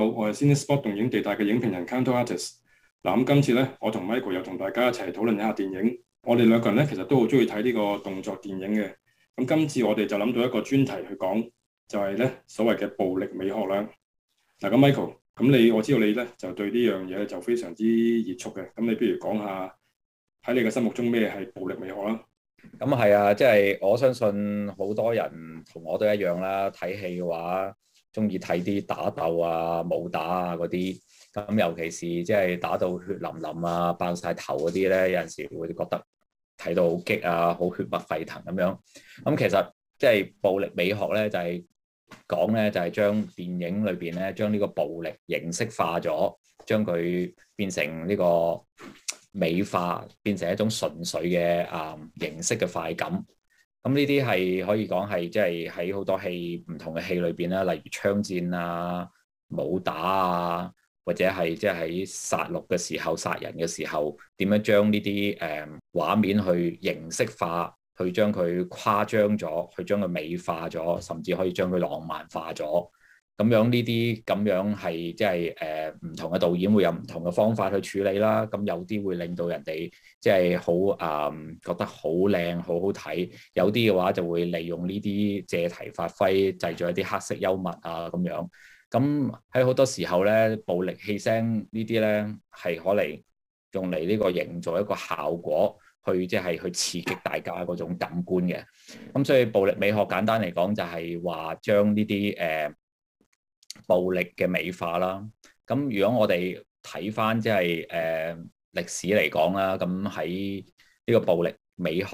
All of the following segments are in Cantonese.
好，我係 Cinespot 動映地帶嘅影評人 Kantorates。嗱，咁今次咧，我同 Michael 又同大家一齊討論一下電影。我哋兩個人咧，其實都好中意睇呢個動作電影嘅。咁今次我哋就諗到一個專題去講，就係咧所謂嘅暴力美學啦。嗱，咁 Michael，咁你我知道你咧就對呢樣嘢就非常之熱衷嘅。咁你不如講下喺你嘅心目中咩係暴力美學啦？咁係啊，即係我相信好多人同我都一樣啦。睇戲嘅話。中意睇啲打鬥啊、武打啊嗰啲，咁尤其是即係打到血淋淋啊、爆晒頭嗰啲咧，有陣時會覺得睇到好激啊、好血脈沸騰咁樣。咁其實即係暴力美學咧，就係、是、講咧，就係、是、將電影裏邊咧，將呢個暴力形式化咗，將佢變成呢個美化，變成一種純粹嘅啊、嗯、形式嘅快感。咁呢啲係可以講係即係喺好多戲唔同嘅戲裏邊啦，例如槍戰啊、武打啊，或者係即係喺殺戮嘅時候、殺人嘅時候，點樣將呢啲誒畫面去形式化，去將佢誇張咗，去將佢美化咗，甚至可以將佢浪漫化咗。咁樣呢啲咁樣係即係誒唔同嘅導演會有唔同嘅方法去處理啦。咁有啲會令到人哋即係好啊覺得好靚好好睇，有啲嘅話就會利用呢啲借題發揮，製造一啲黑色幽默啊咁樣。咁喺好多時候咧，暴力氣聲呢啲咧係可嚟用嚟呢個營造一個效果，去即係、就是、去刺激大家嗰種感官嘅。咁所以暴力美學簡單嚟講就係話將呢啲誒。呃暴力嘅美化啦，咁如果我哋睇翻即係誒歷史嚟講啦，咁喺呢個暴力美學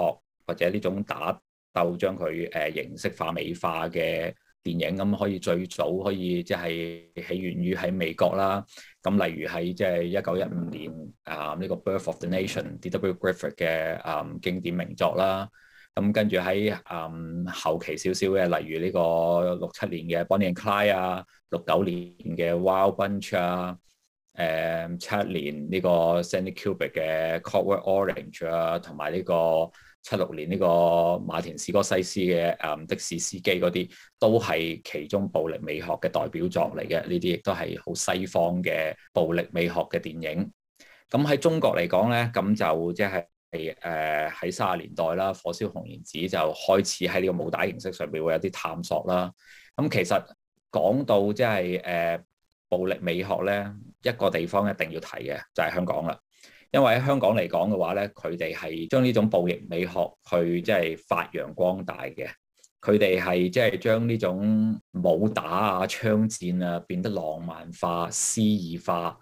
或者呢種打鬥將佢誒、呃、形式化美化嘅電影，咁可以最早可以即係起源於喺美國啦，咁例如喺即係一九一五年啊呢、呃這個《Birth of the Nation》D.W. Griffith 嘅誒、呃、經典名作啦。呃咁跟住喺誒後期少少嘅，例如呢個六七年嘅 Bonnie and Clyde 啊，六九年嘅 Wild Bunch 啊，誒七年呢個 Stanley Kubrick 嘅 Clockwork Orange 啊，同埋呢個七六年呢個馬田史哥西斯嘅誒、嗯、的士司機嗰啲，都係其中暴力美學嘅代表作嚟嘅。呢啲亦都係好西方嘅暴力美學嘅電影。咁喺中國嚟講咧，咁就即係。係誒，喺卅年代啦，火燒紅蓮子就開始喺呢個武打形式上邊會有啲探索啦。咁其實講到即係誒暴力美學咧，一個地方一定要提嘅就係香港啦。因為喺香港嚟講嘅話咧，佢哋係將呢種暴力美學去即係發揚光大嘅。佢哋係即係將呢種武打啊、槍戰啊變得浪漫化、詩意化，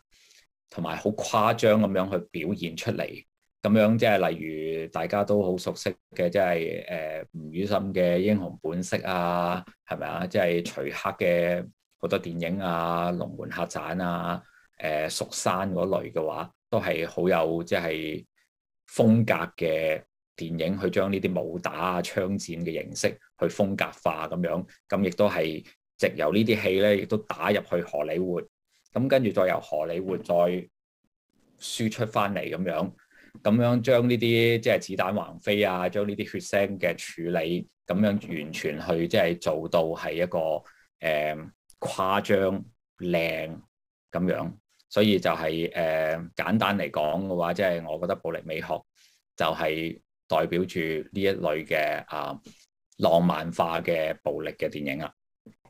同埋好誇張咁樣去表現出嚟。咁樣即係例如大家都好熟悉嘅、就是，即係誒吳宇森嘅《英雄本色》啊，係咪啊？即、就、係、是、徐克嘅好多電影啊，《龍門客棧》啊，誒、呃《蜀山》嗰類嘅話，都係好有即係風格嘅電影，去將呢啲武打啊、槍戰嘅形式去風格化咁樣，咁亦都係藉由呢啲戲咧，亦都打入去荷里活，咁跟住再由荷里活再輸出翻嚟咁樣。咁樣將呢啲即係子彈橫飛啊，將呢啲血腥嘅處理咁樣完全去即係做到係一個誒、呃、誇張靚咁樣，所以就係、是、誒、呃、簡單嚟講嘅話，即、就、係、是、我覺得暴力美學就係、是、代表住呢一類嘅啊浪漫化嘅暴力嘅電影啦。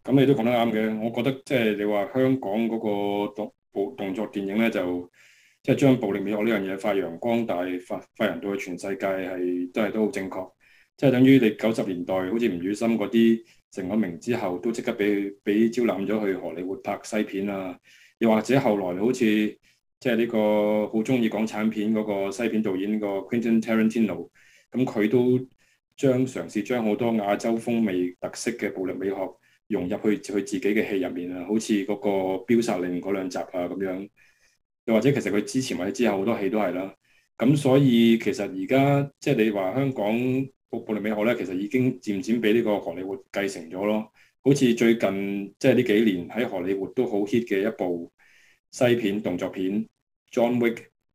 咁你都講得啱嘅，我覺得即係、就是、你話香港嗰個動動作電影咧就。即係將暴力美學呢樣嘢發揚光大，發發揚到去全世界係真係都好正確。即係等於你九十年代，好似吳宇森嗰啲成咗名之後，都即刻俾俾招攬咗去荷里活拍西片啊。又或者後來好似即係呢個好中意港產片嗰個西片導演個 Quentin Tarantino，咁佢都將嘗試將好多亞洲風味特色嘅暴力美學融入去去自己嘅戲入面啊。好似嗰個《標殺令》嗰兩集啊咁樣。又或者其實佢之前或者之後好多戲都係啦，咁所以其實而家即係你話香港暴力美學咧，其實已經漸漸俾呢個荷里活繼承咗咯。好似最近即係呢幾年喺荷里活都好 hit 嘅一部西片動作片《John Wick》，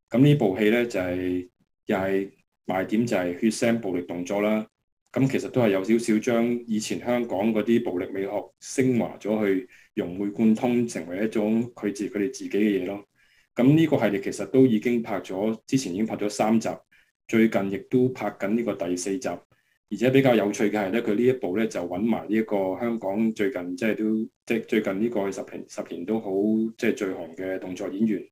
咁呢部戲咧就係又係賣點就係血腥暴力動作啦。咁其實都係有少少將以前香港嗰啲暴力美學升華咗去融會貫通，成為一種佢自佢哋自己嘅嘢咯。咁呢個系列其實都已經拍咗，之前已經拍咗三集，最近亦都拍緊呢個第四集。而且比較有趣嘅係咧，佢呢一部咧就揾埋呢一個香港最近即係都即係最近呢個十平十年都好即係最紅嘅動作演員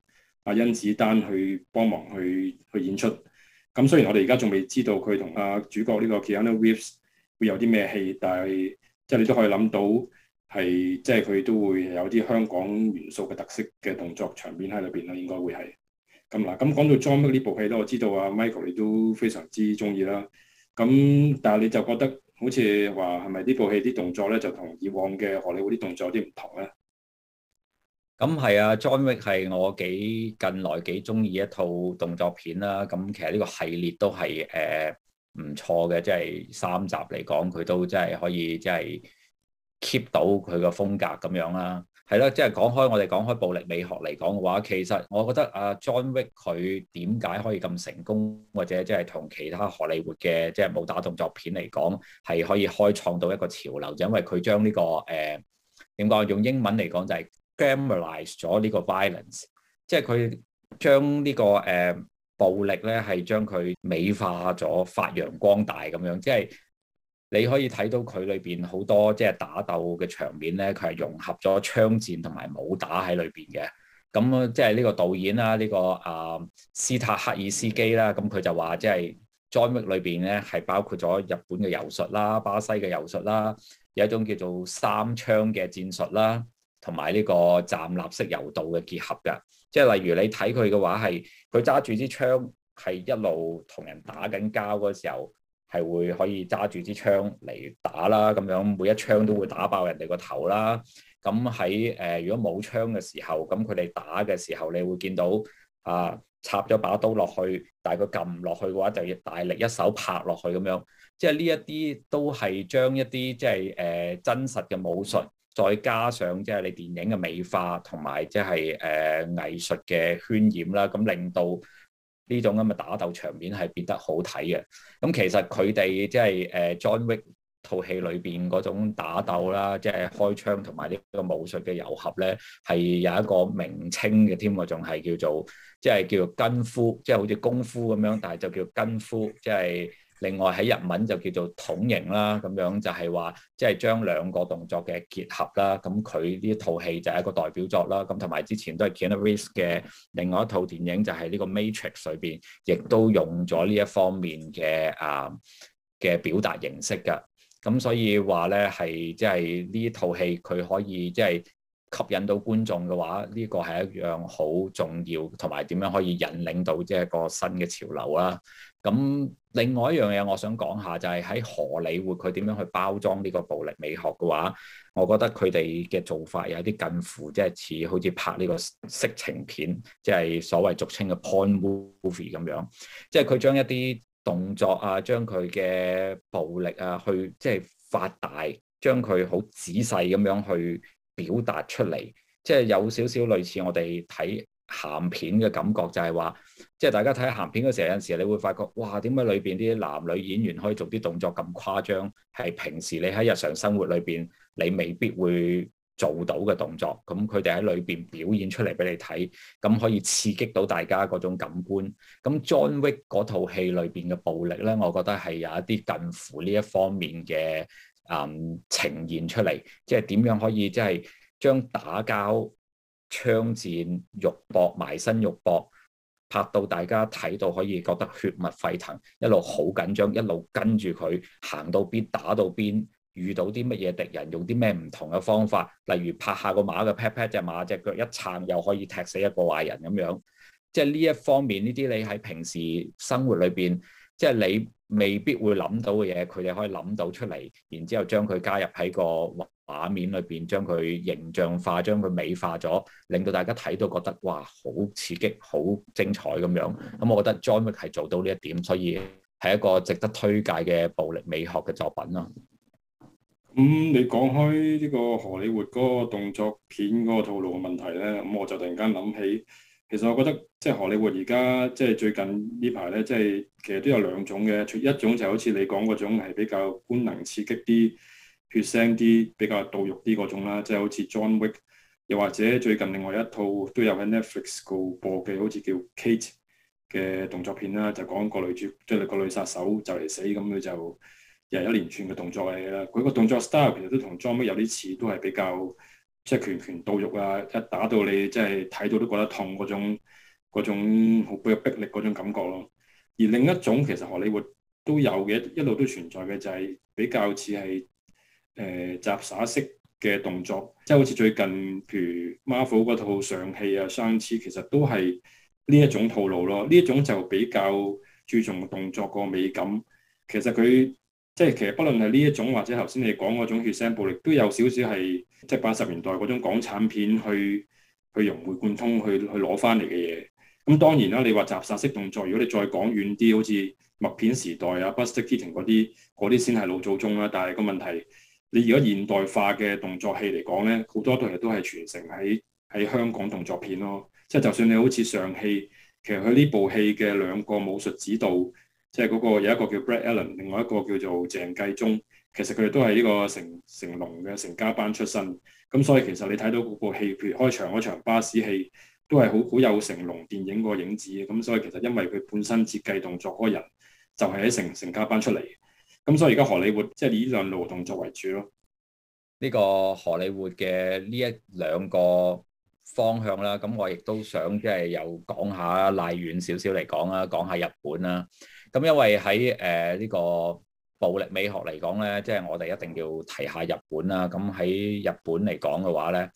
阿甄子丹去幫忙去去演出。咁雖然我哋而家仲未知道佢同阿主角呢個 Keanu Reeves 會有啲咩戲，但係即係你都可以諗到。係，即係佢都會有啲香港元素嘅特色嘅動作場面喺裏邊咯，應該會係。咁嗱，咁、嗯、講到 John Wick 呢部戲咧，我知道啊 Michael 你都非常之中意啦。咁、嗯、但係你就覺得好似話係咪呢部戲啲動作咧就同以往嘅荷里活啲動作有啲唔同咧？咁係、嗯、啊，John Wick 係我幾近來幾中意一套動作片啦、啊。咁、嗯、其實呢個系列都係誒唔錯嘅，即係三集嚟講，佢都即係可以即係。keep 到佢個風格咁樣啦，係咯，即係講開我哋講開暴力美學嚟講嘅話，其實我覺得阿 John Wick 佢點解可以咁成功，或者即係同其他荷里活嘅即係武打動作片嚟講，係可以開創到一個潮流，就因為佢將呢個誒點講，用英文嚟講就係 glamorize 咗呢個 violence，即係佢將呢個誒暴力咧係將佢美化咗、發揚光大咁樣，即係。你可以睇到佢裏邊好多即係打鬥嘅場面咧，佢係融合咗槍戰同埋武打喺裏邊嘅。咁即係呢個導演啦、啊，呢、呢個啊斯塔克爾斯基啦、啊，咁佢就話即係《John Wick》裏邊咧係包括咗日本嘅柔術啦、巴西嘅柔術啦，有一種叫做三槍嘅戰術啦，同埋呢個站立式柔道嘅結合噶。即、就、係、是、例如你睇佢嘅話係，佢揸住支槍係一路同人打緊交嗰時候。係會可以揸住支槍嚟打啦，咁樣每一槍都會打爆人哋個頭啦。咁喺誒如果冇槍嘅時候，咁佢哋打嘅時候，你會見到啊、呃、插咗把刀落去，但係佢撳落去嘅話，就要大力一手拍落去咁樣。即係呢一啲都係將一啲即係誒、呃、真實嘅武術，再加上即係你電影嘅美化同埋即係誒藝術嘅渲染啦，咁令到，呢種咁嘅打鬥場面係變得好睇嘅，咁其實佢哋即係誒 John Wick 套戲裏邊嗰種打鬥啦，即係開槍同埋呢個武術嘅糅合咧，係有一個名稱嘅添，嗰種係叫做即係叫做 Gun Fu，即係好似功夫咁樣，但係就叫 Gun Fu，即係。另外喺日文就叫做銃形啦，咁樣就係話，即係將兩個動作嘅結合啦。咁佢呢一套戲就係一個代表作啦。咁同埋之前都係 Keanu Reeves 嘅另外一套電影就、這個，就係呢個 Matrix 裏面，亦都用咗呢一方面嘅啊嘅表達形式㗎。咁所以話咧，係即係呢套戲佢可以即係吸引到觀眾嘅話，呢、這個係一樣好重要，同埋點樣可以引領到即係一個新嘅潮流啦。咁另外一樣嘢，我想講下就係喺荷里活佢點樣去包裝呢個暴力美學嘅話，我覺得佢哋嘅做法有啲近乎，即係似好似拍呢個色情片，即係所謂俗稱嘅 porn movie 咁樣。即係佢將一啲動作啊，將佢嘅暴力啊，去即係發大，將佢好仔細咁樣去表達出嚟，即係有少少類似我哋睇鹹片嘅感覺就係話，即係大家睇鹹片嘅時候有陣時，你會發覺，哇！點解裏邊啲男女演員可以做啲動作咁誇張？係平時你喺日常生活裏邊，你未必會做到嘅動作。咁佢哋喺裏邊表演出嚟俾你睇，咁可以刺激到大家嗰種感官。咁 John Wick 嗰套戲裏邊嘅暴力咧，我覺得係有一啲近乎呢一方面嘅嗯呈現出嚟，即係點樣可以即係將打交。槍戰、肉搏、埋身肉搏，拍到大家睇到可以覺得血脈沸騰，一路好緊張，一路跟住佢行到邊打到邊，遇到啲乜嘢敵人，用啲咩唔同嘅方法，例如拍下個馬嘅 pat pat 隻馬隻腳一撐，又可以踢死一個壞人咁樣。即係呢一方面，呢啲你喺平時生活裏邊，即係你未必會諗到嘅嘢，佢哋可以諗到出嚟，然之後將佢加入喺個畫面裏邊將佢形象化，將佢美化咗，令到大家睇到覺得哇，好刺激，好精彩咁樣。咁我覺得《John Wick》係做到呢一點，所以係一個值得推介嘅暴力美學嘅作品咯。咁、嗯、你講開呢個荷里活嗰個動作片嗰個套路嘅問題咧，咁我就突然間諗起，其實我覺得即係荷里活而家即係最，最近呢排咧，即係其實都有兩種嘅，一種就好似你講嗰種係比較官能刺激啲。血腥啲、比較到肉啲嗰種啦，即係好似 John Wick，又或者最近另外一套都有喺 Netflix 度播嘅，好似叫 Kate 嘅動作片啦，就講個女主即係、就是、個女殺手就嚟死，咁佢就又一連串嘅動作嚟嘅嘢啦。佢個動作 style 其實都同 John Wick 有啲似，都係比較即係、就是、拳拳到肉啊，一打到你即係睇到都覺得痛嗰種嗰種好有逼力嗰種感覺咯。而另一種其實荷里活都有嘅，一路都存在嘅就係比較似係。誒、呃、雜耍式嘅動作，即係好似最近，譬如 Marvel 嗰套尚氣啊、Shang-Chi，hi，其實都係呢一種套路咯。呢一種就比較注重動作個美感。其實佢即係其實，不論係呢一種或者頭先你講嗰種血腥暴力，都有少少係即係八十年代嗰種港產片去去融會貫通去去攞翻嚟嘅嘢。咁、嗯、當然啦，你話雜耍式動作，如果你再講遠啲，好似默片時代啊、Buster Keaton 嗰啲，嗰啲先係老祖宗啦、啊。但係個問題，你而家現代化嘅動作戲嚟講咧，好多套嘢都係傳承喺喺香港動作片咯。即係就算你好似上戲，其實佢呢部戲嘅兩個武術指導，即係嗰個有一個叫 Brad Allen，另外一個叫做鄭繼宗，其實佢哋都係呢個成成龍嘅成家班出身。咁所以其實你睇到嗰部戲，譬如開場嗰場巴士戲，都係好好有成龍電影個影子嘅。咁所以其實因為佢本身設計動作嗰人，就係、是、喺成成家班出嚟。咁所以而家荷里活即係以呢種勞動作為主咯，呢個荷里活嘅呢一兩個方向啦，咁我亦都想即係又講下拉遠少少嚟講啦，講下日本啦。咁因為喺誒呢個暴力美學嚟講咧，即係我哋一定要提下日本啦。咁喺日本嚟講嘅話咧，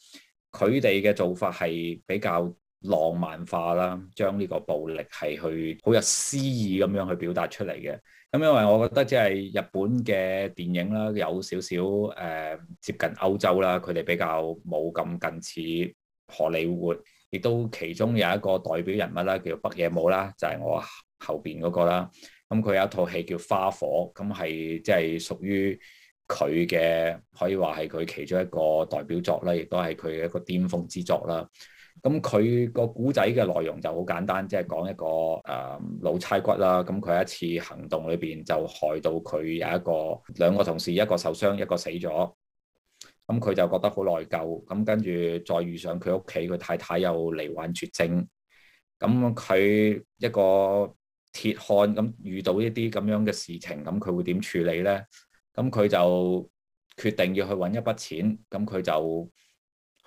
佢哋嘅做法係比較浪漫化啦，將呢個暴力係去好有詩意咁樣去表達出嚟嘅。咁因為我覺得即係日本嘅電影啦，有少少誒、呃、接近歐洲啦，佢哋比較冇咁近似荷里活，亦都其中有一個代表人物啦，叫北野武啦，就係、是、我後邊嗰、那個啦。咁、嗯、佢有一套戲叫《花火》，咁係即係屬於佢嘅，可以話係佢其中一個代表作啦，亦都係佢嘅一個巔峯之作啦。咁佢個古仔嘅內容就好簡單，即係講一個誒老差骨啦。咁佢一次行動裏邊就害到佢有一個兩個同事，一個受傷，一個死咗。咁佢就覺得好內疚。咁跟住再遇上佢屋企，佢太太又罹患絕症。咁佢一個鐵漢咁遇到一啲咁樣嘅事情，咁佢會點處理呢？咁佢就決定要去揾一筆錢。咁佢就，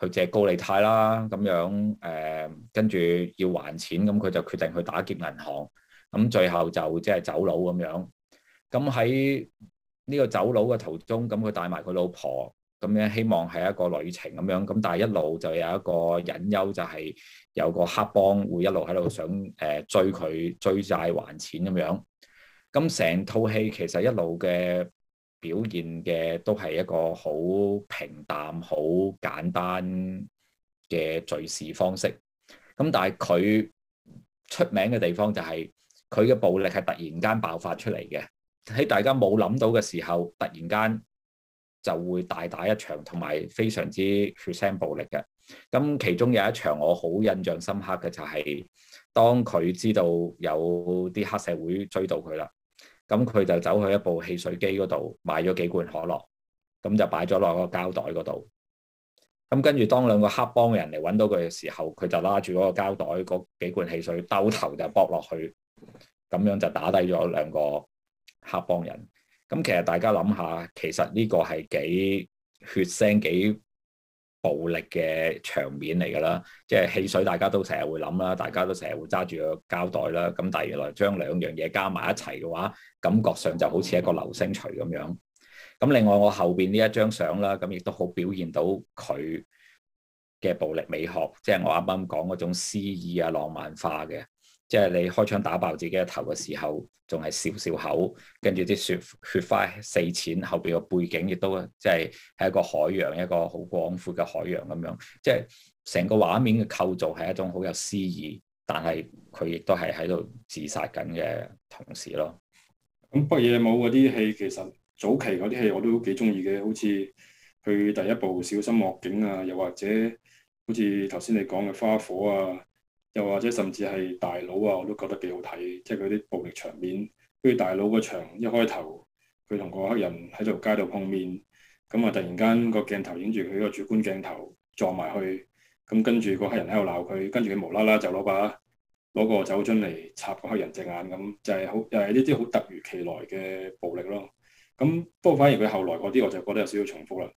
去借高利貸啦，咁樣誒，呃、跟住要還錢，咁佢就決定去打劫銀行，咁最後就即係走佬咁樣。咁喺呢個走佬嘅途中，咁佢帶埋佢老婆，咁樣希望係一個旅程咁樣。咁但係一路就有一個隱憂，就係有個黑幫會一路喺度想誒追佢追債還錢咁樣。咁成套戲其實一路嘅。表現嘅都係一個好平淡、好簡單嘅敘事方式。咁但係佢出名嘅地方就係佢嘅暴力係突然間爆發出嚟嘅，喺大家冇諗到嘅時候，突然間就會大打一場，同埋非常之血腥暴力嘅。咁其中有一場我好印象深刻嘅就係當佢知道有啲黑社會追到佢啦。咁佢就走去一部汽水機嗰度買咗幾罐可樂，咁就擺咗落個膠袋嗰度。咁跟住當兩個黑幫嘅人嚟揾到佢嘅時候，佢就拉住嗰個膠袋嗰幾罐汽水兜頭就搏落去，咁樣就打低咗兩個黑幫人。咁其實大家諗下，其實呢個係幾血腥幾暴力嘅場面嚟㗎啦，即係汽水大家都成日會諗啦，大家都成日會揸住個膠袋啦，咁但係原來將兩樣嘢加埋一齊嘅話，感覺上就好似一個流星錘咁樣。咁另外我後邊呢一張相啦，咁亦都好表現到佢嘅暴力美學，即係我啱啱講嗰種詩意啊、浪漫化嘅。即係你開槍打爆自己嘅頭嘅時候，仲係笑笑口，跟住啲血血花四濺，後邊個背景亦都即係係一個海洋，一個好廣闊嘅海洋咁樣。即係成個畫面嘅構造係一種好有詩意，但係佢亦都係喺度自殺緊嘅同時咯。咁北野武嗰啲戲，其實早期嗰啲戲我都幾中意嘅，好似佢第一部《小心惡警》啊，又或者好似頭先你講嘅《花火》啊。又或者甚至係大佬啊，我都覺得幾好睇，即係佢啲暴力場面。跟住大佬個場一開頭，佢同個黑人喺條街度碰面，咁啊突然間個鏡頭影住佢個主觀鏡頭撞埋去，咁跟住個黑人喺度鬧佢，跟住佢無啦啦就攞把攞個酒樽嚟插個黑人隻眼咁，就係好，就係呢啲好突如其來嘅暴力咯。咁不過反而佢後來嗰啲，我就覺得有少少重複啦。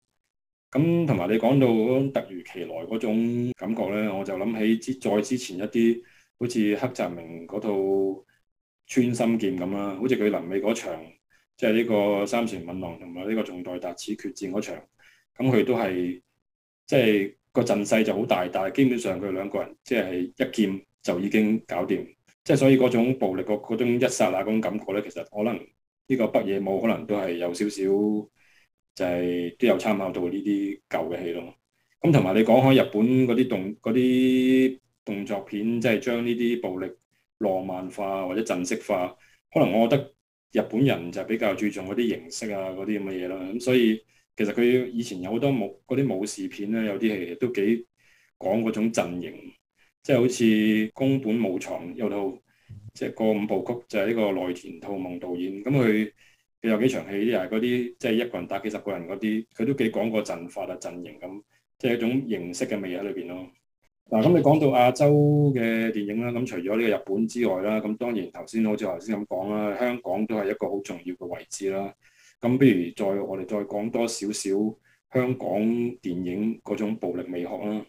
咁同埋你講到嗰種突如其來嗰種感覺咧，我就諗起之再之前一啲，好似黑澤明嗰套《穿心劍》咁啦，好似佢臨尾嗰場，即係呢個三船敏郎同埋呢個仲代達矢決戰嗰場，咁佢都係即係個陣勢就好大，但係基本上佢兩個人即係一劍就已經搞掂，即係所以嗰種暴力嗰種一剎那嗰種感覺咧，其實可能呢個北野武可能都係有少少。就係都有參考到呢啲舊嘅戲咯。咁同埋你講開日本嗰啲動啲動作片，即係將呢啲暴力浪漫化或者陣式化。可能我覺得日本人就比較注重嗰啲形式啊嗰啲咁嘅嘢啦。咁所以其實佢以前有好多武嗰啲武士片咧，就是，有啲戲都幾講嗰種陣型，即係好似宮本武藏有套即係個五部曲，就係呢個內田吐夢導演咁佢。佢有幾場戲啲啊？嗰啲即係一個人打幾十個人嗰啲，佢都幾講個陣法啊、陣型咁，即係一種形式嘅味喺裏邊咯。嗱，咁你講到亞洲嘅電影啦，咁除咗呢個日本之外啦，咁當然頭先好似頭先咁講啦，香港都係一個好重要嘅位置啦。咁不如再我哋再講多少少香港電影嗰種暴力美學啦。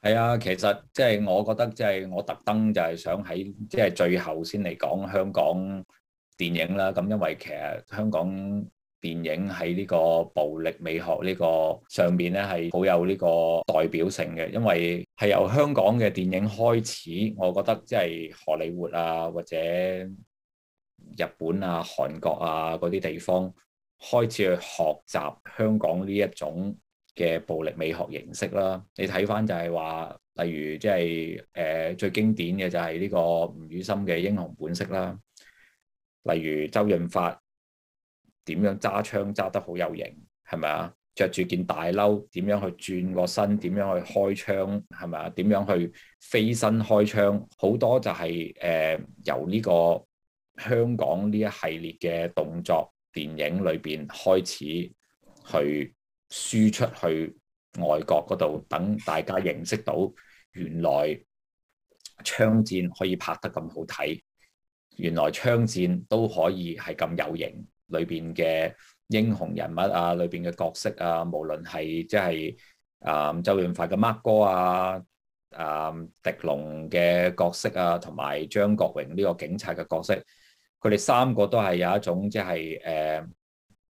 係啊，其實即係我覺得即係我特登就係想喺即係最後先嚟講香港。電影啦，咁因為其實香港電影喺呢個暴力美學呢個上邊咧，係好有呢個代表性嘅。因為係由香港嘅電影開始，我覺得即係荷里活啊，或者日本啊、韓國啊嗰啲地方開始去學習香港呢一種嘅暴力美學形式啦。你睇翻就係話，例如即係誒最經典嘅就係呢個吳宇森嘅《英雄本色》啦。例如周潤發點樣揸槍揸得好有型，係咪啊？著住件大褸，點樣去轉個身，點樣去開槍，係咪啊？點樣去飛身開槍，好多就係誒由呢個香港呢一系列嘅動作電影裏邊開始去輸出去外國嗰度，等大家認識到原來槍戰可以拍得咁好睇。原來槍戰都可以係咁有型，裏邊嘅英雄人物啊，裏邊嘅角色啊，無論係即係啊周潤發嘅 Mark 哥啊，啊、呃、狄龍嘅角色啊，同埋張國榮呢個警察嘅角色，佢哋三個都係有一種即係誒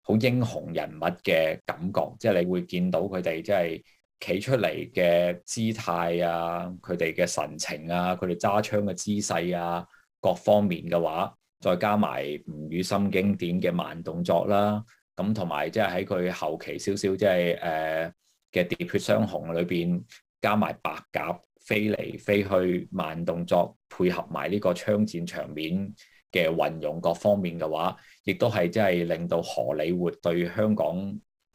好英雄人物嘅感覺，即、就、係、是、你會見到佢哋即係企出嚟嘅姿態啊，佢哋嘅神情啊，佢哋揸槍嘅姿勢啊。各方面嘅話，再加埋吳宇森經典嘅慢動作啦，咁同埋即係喺佢後期少少即係誒嘅喋血雙雄裏邊加埋白鴿飛嚟飛去慢動作，配合埋呢個槍戰場面嘅運用各方面嘅話，亦都係即係令到荷里活對香港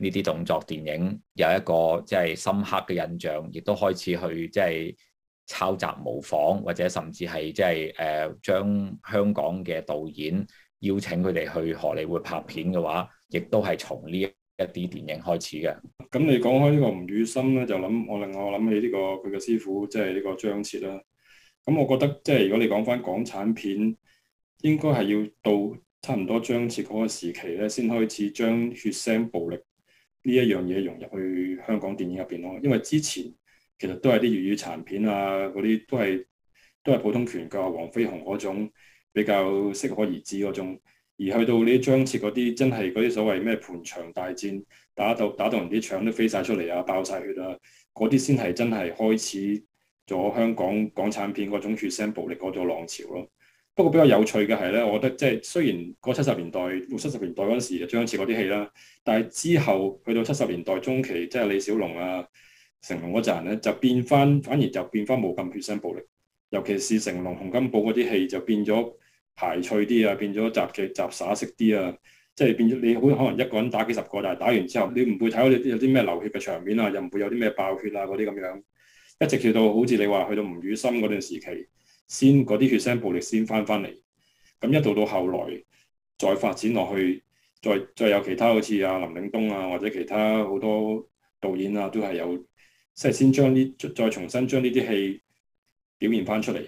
呢啲動作電影有一個即係深刻嘅印象，亦都開始去即係。抄襲模仿或者甚至係即係誒將香港嘅導演邀請佢哋去荷里活拍片嘅話，亦都係從呢一啲電影開始嘅。咁你講開、呢個、呢個吳宇森咧，就諗我令我諗起呢、呢個佢嘅師傅，即係呢個張徹啦。咁我覺得即係、即係、如果你講翻港產片，應該係要到差唔多張徹嗰個時期咧，先開始將血腥暴力呢一樣嘢融入去香港電影入邊咯。因為之前，其實都係啲粵語殘片啊，嗰啲都係都係普通拳腳，黃飛鴻嗰種比較適可而止嗰種。而去到呢張徹嗰啲真係嗰啲所謂咩盤腸大戰，打到打到人啲腸都飛晒出嚟啊，爆晒血啊，嗰啲先係真係開始咗香港港產片嗰種血腥暴力嗰種浪潮咯。不過比較有趣嘅係咧，我覺得即係雖然嗰七十年代六七十年代嗰陣時就張徹嗰啲戲啦，但係之後去到七十年代中期，即係李小龍啊。成龍嗰陣咧，就變翻，反而就變翻冇咁血腥暴力。尤其是成龍洪金寶嗰啲戲，就變咗排趣啲啊，變咗雜技雜耍式啲啊。即係變咗你好可能一個人打幾十個，但係打完之後，你唔會睇到你有啲咩流血嘅場面啊，又唔會有啲咩爆血啊嗰啲咁樣。一直跳到好似你話去到吳宇森嗰段時期，先嗰啲血腥暴力先翻翻嚟。咁一到到後來再發展落去，再再有其他好似啊林嶺東啊，或者其他好多導演啊，都係有。即係先將呢再重新將呢啲戲表現翻出嚟，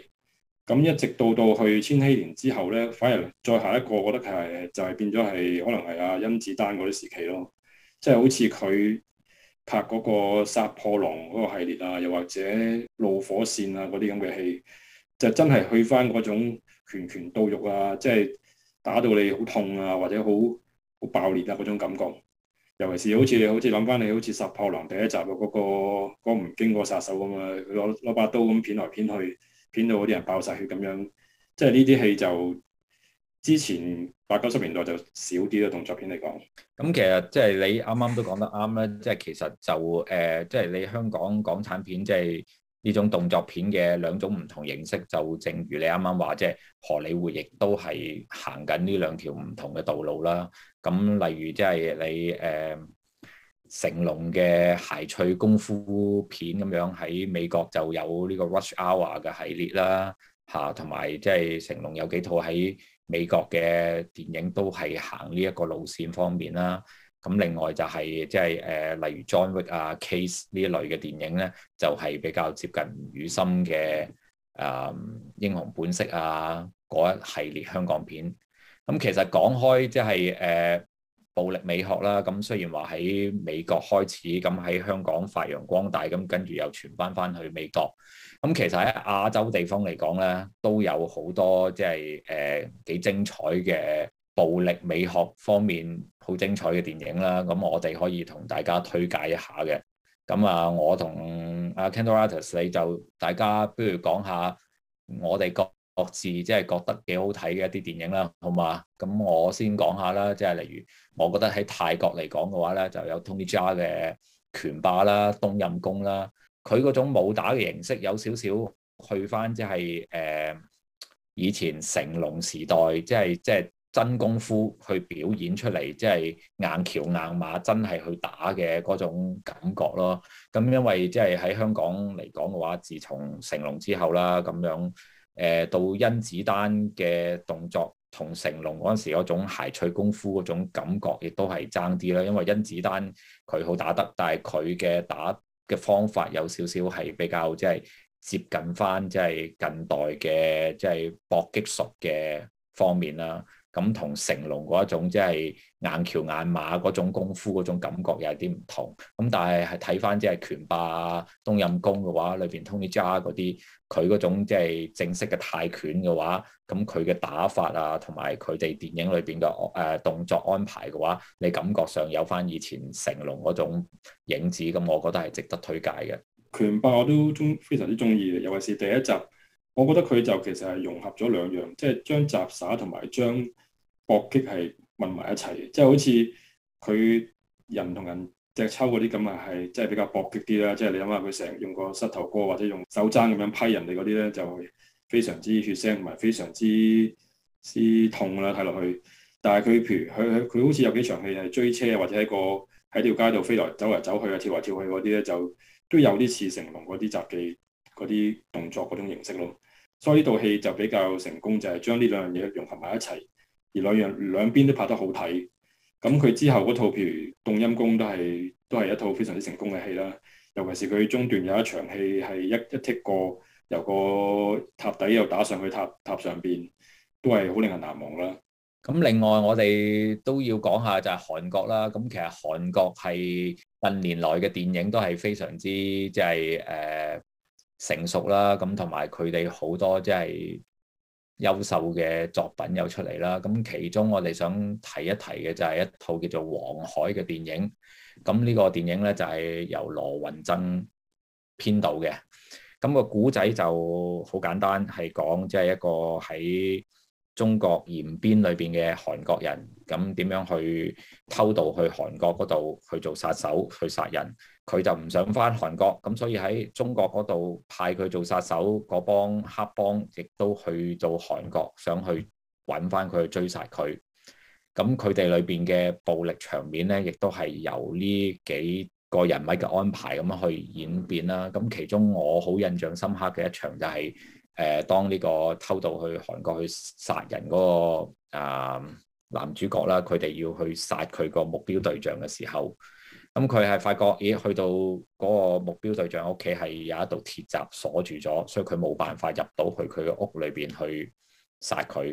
咁一直到到去千禧年之後咧，反而再下一個，我覺得係就係變咗係可能係啊甄子丹嗰啲時期咯，即係好似佢拍嗰個殺破狼嗰個系列啊，又或者怒火線啊嗰啲咁嘅戲，就真係去翻嗰種拳拳到肉啊，即係打到你好痛啊，或者好好爆裂啊嗰種感覺。尤其是好似你、嗯、好似諗返你好似《殺破狼》第一集啊、那個，嗰、那個嗰唔、那個、經過殺手咁啊，攞攞把刀咁片來片去，片到嗰啲人爆晒血咁樣，即係呢啲戲就之前八九十年代就少啲嘅動作片嚟講。咁其實即係你啱啱都講得啱啦，即係其實就誒，即、就、係、是呃就是、你香港港產片即、就、係、是。呢種動作片嘅兩種唔同形式，就正如你啱啱話，即係荷里活亦都係行緊呢兩條唔同嘅道路啦。咁例如即係你誒、呃、成龍嘅諧趣功夫片咁樣喺美國就有呢個 Rush Hour 嘅系列啦，嚇、啊，同埋即係成龍有幾套喺美國嘅電影都係行呢一個路線方面啦。咁另外就係即係誒，例如 John Wick 啊、Case 呢一類嘅電影咧，就係、是、比較接近宇森嘅誒英雄本色啊嗰一系列香港片。咁其實講開即係誒暴力美學啦，咁雖然話喺美國開始，咁喺香港發揚光大，咁跟住又傳翻翻去美國。咁其實喺亞洲地方嚟講咧，都有好多即係誒幾精彩嘅。暴力美學方面好精彩嘅電影啦，咁我哋可以同大家推介一下嘅。咁啊，我同阿 Kantorates，你就大家不如講下我哋各自即係覺得幾好睇嘅一啲電影啦，好嘛？咁我先講下啦，即係例如我覺得喺泰國嚟講嘅話咧，就有 Tony Jaa 嘅拳霸啦、冬蔭功啦，佢嗰種武打嘅形式有少少去返即係誒以前成龍時代，即係即係。就是真功夫去表演出嚟，即係硬橋硬馬，真係去打嘅嗰種感覺咯。咁因為即係喺香港嚟講嘅話，自從成龍之後啦，咁樣誒到甄子丹嘅動作，同成龍嗰陣時嗰種諧趣功夫嗰種感覺，亦都係爭啲啦。因為甄子丹佢好打得，但係佢嘅打嘅方法有少少係比較即係接近翻即係近代嘅即係搏擊術嘅方面啦。咁同成龍嗰一種即係硬橋硬馬嗰種功夫嗰種感覺有啲唔同，咁但係係睇翻即係拳霸啊、冬蔭功嘅話，裏邊 Tony Jaa 嗰啲佢嗰種即係正式嘅泰拳嘅話，咁佢嘅打法啊，同埋佢哋電影裏邊嘅我誒動作安排嘅話，你感覺上有翻以前成龍嗰種影子，咁我覺得係值得推介嘅。拳霸我都中非常之中意嘅，尤其是第一集。我覺得佢就其實係融合咗兩樣，即係將雜耍同埋將搏擊係混埋一齊。即係好似佢人同人隻抽嗰啲咁啊，係即係比較搏擊啲啦。即係你諗下，佢成日用個膝頭哥或者用手踭咁樣批人哋嗰啲咧，就非常之血腥同埋非常之之痛啦。睇落去，但係佢譬如佢佢好似有幾場戲係追車，或者喺個喺條街度飛來走嚟走去啊、跳嚟跳去嗰啲咧，就都有啲似成龍嗰啲雜技嗰啲動作嗰種形式咯。所以呢套戲就比較成功，就係將呢兩樣嘢融合埋一齊，而兩樣兩邊都拍得好睇。咁佢之後嗰套譬如《冬蔭功》，都係都係一套非常之成功嘅戲啦。尤其是佢中段有一場戲係一一踢過，由個塔底又打上去塔塔上邊，都係好令人難忘啦。咁另外我哋都要講下就係韓國啦。咁其實韓國係近年來嘅電影都係非常之即係誒，就是呃成熟啦，咁同埋佢哋好多即係優秀嘅作品又出嚟啦。咁其中我哋想提一提嘅就係一套叫做《黃海》嘅電影。咁呢個電影咧就係由羅雲珍編導嘅。咁、那個古仔就好簡單，係講即係一個喺中國延邊裏邊嘅韓國人，咁點樣去偷渡去韓國嗰度去做殺手，去殺人。佢就唔想返韓國，咁所以喺中國嗰度派佢做殺手嗰幫黑幫，亦都去到韓國，想去搵返佢去追殺佢。咁佢哋裏邊嘅暴力場面咧，亦都係由呢幾個人物嘅安排咁樣去演變啦。咁其中我好印象深刻嘅一場就係誒，當呢個偷渡去韓國去殺人嗰個啊男主角啦，佢哋要去殺佢個目標對象嘅時候。咁佢係發覺，咦？去到嗰個目標對象屋企係有一道鐵閘鎖住咗，所以佢冇辦法入到去佢嘅屋裏邊去殺佢。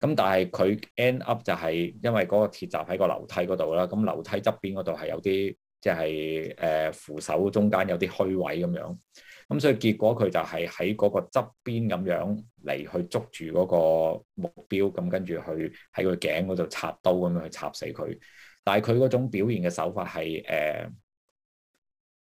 咁、嗯、但係佢 end up 就係因為嗰個鐵閘喺個樓梯嗰度啦。咁、嗯、樓梯側邊嗰度係有啲即係誒扶手中間有啲虛位咁樣。咁、嗯、所以結果佢就係喺嗰個側邊咁樣嚟去捉住嗰個目標，咁、嗯、跟住去喺佢頸嗰度插刀咁樣去插死佢。但係佢嗰種表現嘅手法係誒、呃、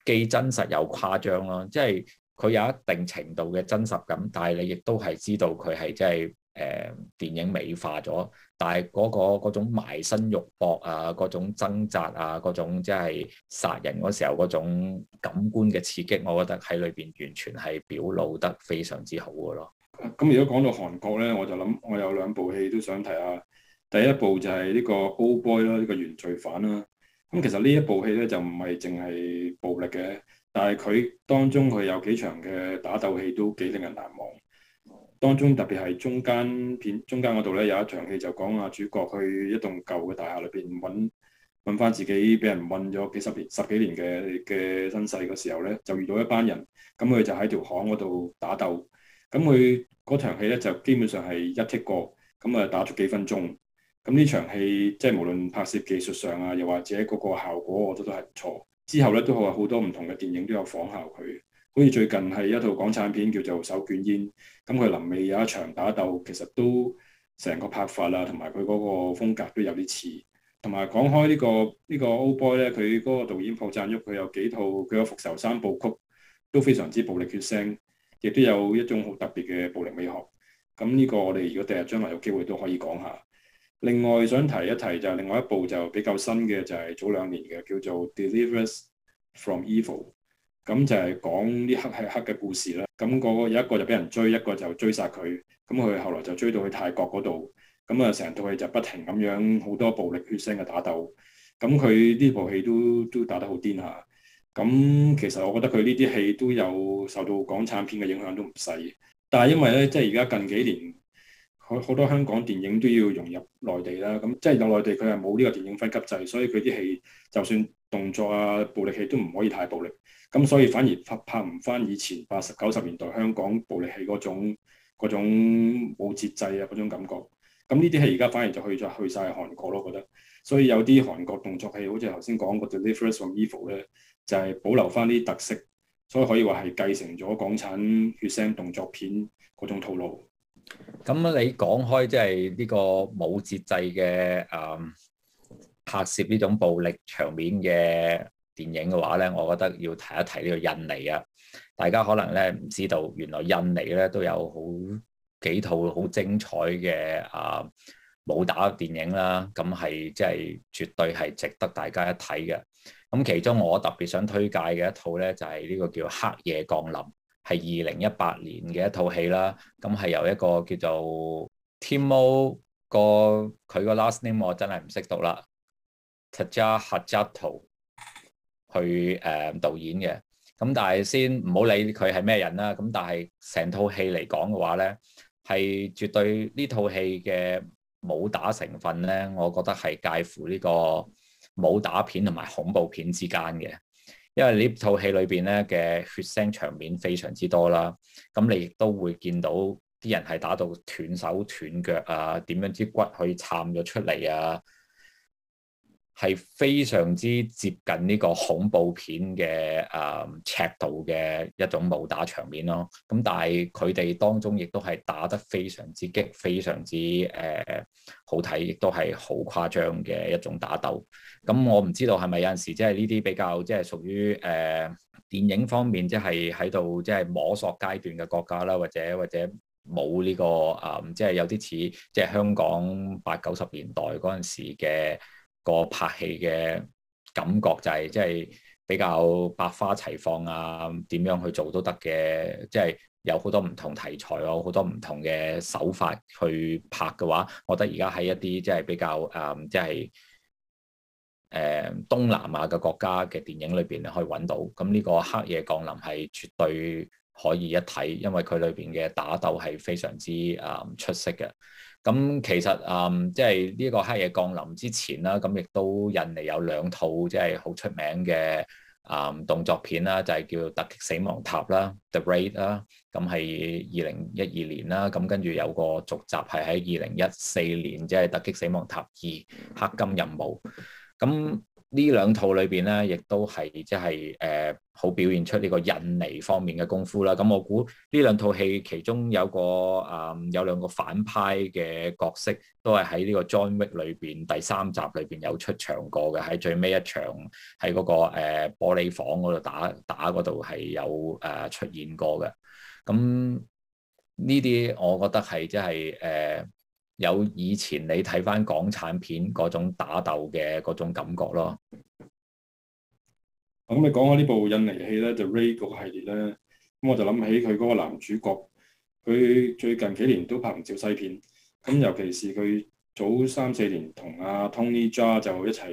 既真實又誇張咯，即係佢有一定程度嘅真實感，但係你亦都係知道佢係即係誒電影美化咗。但係嗰、嗰個嗰種埋身肉搏啊，嗰種掙扎啊，嗰種即係殺人嗰時候嗰種感官嘅刺激，我覺得喺裏邊完全係表露得非常之好嘅咯。咁如果講到韓國咧，我就諗我有兩部戲都想睇啊。第一部就係呢個《Old Boy》啦，呢個原罪犯啦。咁其實呢一部戲咧就唔係淨係暴力嘅，但係佢當中佢有幾場嘅打鬥戲都幾令人難忘。當中特別係中間片中間嗰度咧，有一場戲就講阿主角去一棟舊嘅大廈裏邊揾揾翻自己俾人韞咗幾十年、十幾年嘅嘅身世嘅時候咧，就遇到一班人，咁佢就喺條巷嗰度打鬥。咁佢嗰場戲咧就基本上係一 take 過，咁啊打咗幾分鐘。咁呢場戲即係無論拍攝技術上啊，又或者嗰個效果，我覺得都係唔錯。之後咧都有好多唔同嘅電影都有仿效佢，好似最近係一套港產片叫做《手捲煙》，咁佢臨尾有一場打鬥，其實都成個拍法啊，同埋佢嗰個風格都有啲似。同埋講開、這個、這個、呢個呢個 Old Boy 咧，佢嗰個導演朴贊郁，佢有幾套，佢有復仇三部曲，都非常之暴力血腥，亦都有一種好特別嘅暴力美學。咁呢個我哋如果第日將來有機會都可以講下。另外想提一提，就係另外一部就比較新嘅，就係早兩年嘅叫做 Deliver Us from Evil，咁就係講啲黑吃黑嘅故事啦。咁嗰個有一個就俾人追，一個就追殺佢。咁佢後來就追到去泰國嗰度，咁啊成套戲就不停咁樣好多暴力血腥嘅打鬥。咁佢呢部戲都都打得好癲嚇。咁其實我覺得佢呢啲戲都有受到港產片嘅影響都唔細。但係因為咧，即係而家近幾年。好好多香港電影都要融入內地啦，咁即係有內地佢係冇呢個電影分級制，所以佢啲戲就算動作啊、暴力戲都唔可以太暴力，咁所以反而拍拍唔翻以前八十、九十年代香港暴力戲嗰種冇節制啊嗰種感覺。咁呢啲戲而家反而就可以去咗去晒韓國咯，我覺得。所以有啲韓國動作戲，好似頭先講個《Deliver From Evil》咧，就係、是、保留翻啲特色，所以可以話係繼承咗港產血腥動作片嗰種套路。咁你講開即係呢個冇節制嘅啊、嗯、拍攝呢種暴力場面嘅電影嘅話咧，我覺得要提一提呢個印尼啊。大家可能咧唔知道，原來印尼咧都有好幾套好精彩嘅啊武打電影啦。咁係即係絕對係值得大家一睇嘅。咁其中我特別想推介嘅一套咧，就係、是、呢個叫《黑夜降臨》。係二零一八年嘅一套戲啦，咁係由一個叫做天 i m o、那個佢個 last name 我真係唔識讀啦 t a j a h a j a t u 去誒導演嘅。咁但係先唔好理佢係咩人啦。咁但係成套戲嚟講嘅話咧，係絕對呢套戲嘅武打成分咧，我覺得係介乎呢個武打片同埋恐怖片之間嘅。因為呢套戲裏邊咧嘅血腥場面非常之多啦，咁你亦都會見到啲人係打到斷手斷腳啊，點樣啲骨可以撐咗出嚟啊！係非常之接近呢個恐怖片嘅誒、呃、尺度嘅一種武打場面咯。咁、嗯、但係佢哋當中亦都係打得非常之激，非常之誒、呃、好睇，亦都係好誇張嘅一種打鬥。咁、嗯、我唔知道係咪有陣時即係呢啲比較即係屬於誒、呃、電影方面即係喺度即係摸索階段嘅國家啦，或者或者冇呢、這個誒，即、呃、係、就是、有啲似即係香港八九十年代嗰陣時嘅。個拍戲嘅感覺就係即係比較百花齊放啊，點樣去做都得嘅，即係有好多唔同題材，有好多唔同嘅手法去拍嘅話，我覺得而家喺一啲即係比較誒，即係誒東南亞嘅國家嘅電影裏邊可以揾到，咁呢個黑夜降臨係絕對可以一睇，因為佢裏邊嘅打鬥係非常之誒出色嘅。咁其實誒，即係呢個黑夜降臨之前啦，咁亦都印尼有兩套即係好出名嘅誒、嗯、動作片啦，就係、是、叫《特擊死亡塔》啦，《The Raid》啦，咁係二零一二年啦，咁跟住有個續集係喺二零一四年，即、就、係、是《特擊死亡塔二：黑金任務》。兩里呢兩套裏邊咧，亦都係即係誒，好表現出呢個印尼方面嘅功夫啦。咁、嗯、我估呢兩套戲其中有個啊、嗯，有兩個反派嘅角色，都係喺呢個裏《John Wick》裏邊第三集裏邊有出場過嘅，喺最尾一場喺嗰、嗰個、呃、玻璃房嗰度打打，嗰度係有誒、呃、出現過嘅。咁呢啲我覺得係即係誒。呃有以前你睇翻港產片嗰種打鬥嘅嗰種感覺咯。咁你講下呢部印尼戲咧，就 The Raid 嗰個系列咧，咁我就諗起佢嗰個男主角，佢最近幾年都拍唔少西片，咁尤其是佢早三四年同阿 Tony Jaa、啊、就一齊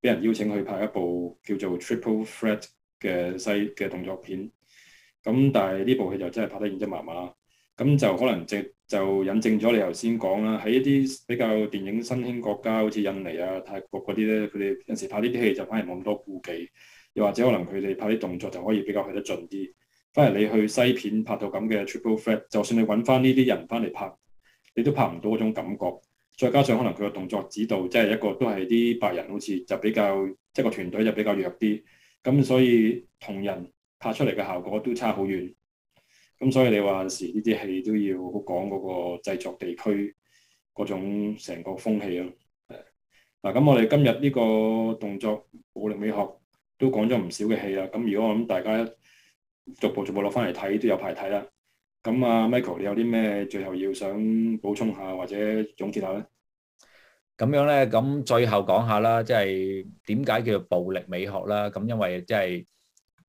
俾人邀請去拍一部叫做 Triple Threat 嘅西嘅動作片，咁但係呢部戲就真係拍得認真麻麻，咁就可能正。就引證咗你頭先講啦，喺一啲比較電影新興國家，好似印尼啊、泰國嗰啲咧，佢哋有時拍呢啲戲就反而冇咁多顧忌，又或者可能佢哋拍啲動作就可以比較去得盡啲。反而你去西片拍到咁嘅 triple flat，就算你揾翻呢啲人翻嚟拍，你都拍唔到嗰種感覺。再加上可能佢個動作指導即係、就是、一個都係啲白人，好似就比較即係、就是、個團隊就比較弱啲，咁所以同人拍出嚟嘅效果都差好遠。咁所以你話時呢啲戲都要好講嗰個製作地區嗰種成個風氣咯。嗱咁我哋今日呢個動作暴力美學都講咗唔少嘅戲啦。咁如果我諗大家逐步逐步落翻嚟睇，都有排睇啦。咁啊，Michael，你有啲咩最後要想補充下或者總結下咧？咁樣咧，咁最後講下啦，即係點解叫做暴力美學啦？咁因為即係。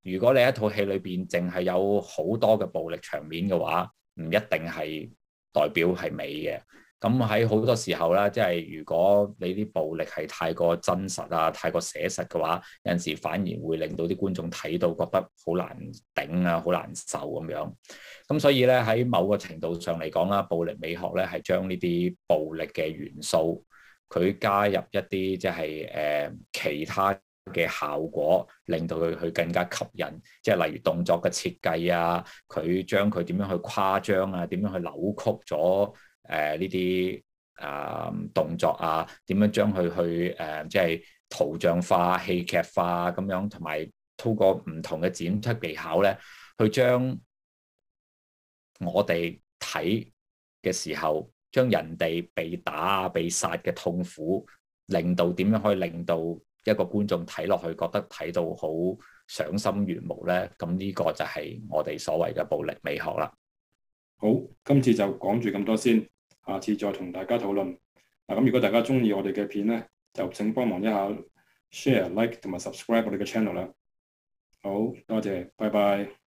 如果你一套戲裏邊淨係有好多嘅暴力場面嘅話，唔一定係代表係美嘅。咁喺好多時候啦，即係如果你啲暴力係太過真實啊、太過寫實嘅話，有陣時反而會令到啲觀眾睇到覺得好難頂啊、好難受咁樣。咁所以咧喺某個程度上嚟講啦，暴力美學咧係將呢啲暴力嘅元素，佢加入一啲即係誒其他。嘅效果令到佢佢更加吸引，即係例如動作嘅設計啊，佢將佢點樣去誇張啊，點樣去扭曲咗誒呢啲誒動作啊，點樣將佢去誒、呃、即係圖像化、戲劇化咁樣，同埋通過唔同嘅剪輯技巧咧，去將我哋睇嘅時候，將人哋被打啊、被殺嘅痛苦，令到點樣可以令到一個觀眾睇落去覺得睇到好賞心悅目咧，咁呢個就係我哋所謂嘅暴力美學啦。好，今次就講住咁多先，下次再同大家討論。嗱，咁如果大家中意我哋嘅片咧，就請幫忙一下 Share、Like 同埋 Subscribe 我哋嘅 Channel 啦。好多謝，拜拜。